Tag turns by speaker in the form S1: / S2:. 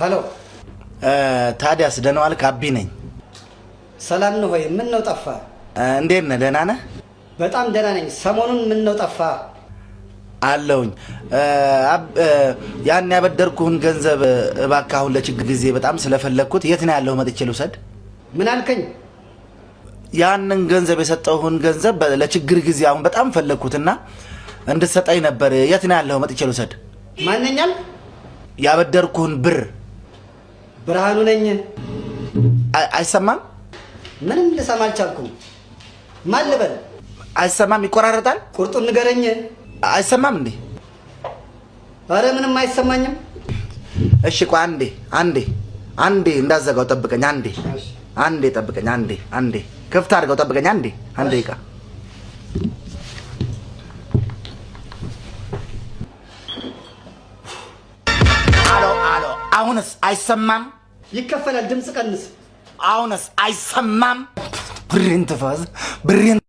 S1: ሄሎ፣
S2: ታዲያስ ደህና ዋልክ? አቢ ነኝ።
S1: ሰላም ነው ወይ? ምን ነው ጠፋ?
S2: እንዴት ነህ? ደህና ነህ?
S1: በጣም ደህና ነኝ። ሰሞኑን ምን ነው ጠፋ?
S2: አለሁኝ። ያን ያበደርኩህን ገንዘብ እባክህ አሁን ለችግር ጊዜ በጣም ስለፈለግኩት የት ነው ያለው? መጥቼ ልውሰድ? ምን አልከኝ? ያንን ገንዘብ የሰጠሁህን ገንዘብ ለችግር ጊዜ አሁን በጣም ፈለግኩትና እንድትሰጠኝ ነበር። የት ነው ያለው? መጥቼ ልውሰድ? ማንኛል ያበደርኩህን ብር ብርሃኑ ነኝ። አይሰማም።
S1: ምንም ልሰማ አልቻልኩም። ማን ልበል?
S2: አይሰማም። ይቆራረጣል።
S1: ቁርጡን ንገረኝ። አይሰማም እንዴ? አረ ምንም አይሰማኝም።
S2: እሺ ቆይ አንዴ አንዴ አንዴ እንዳዘጋው ጠብቀኝ። አንዴ አንዴ ጠብቀኝ። አንዴ አንዴ ክፍት አድርገው ጠብቀኝ። አንዴ አንዴ ቃ አሎ አሎ፣ አሁንስ አይሰማም ይከፈላል። ድምፅ ቀንስ። አሁንስ አይሰማም? ብሬን ትፋዝ ብሬን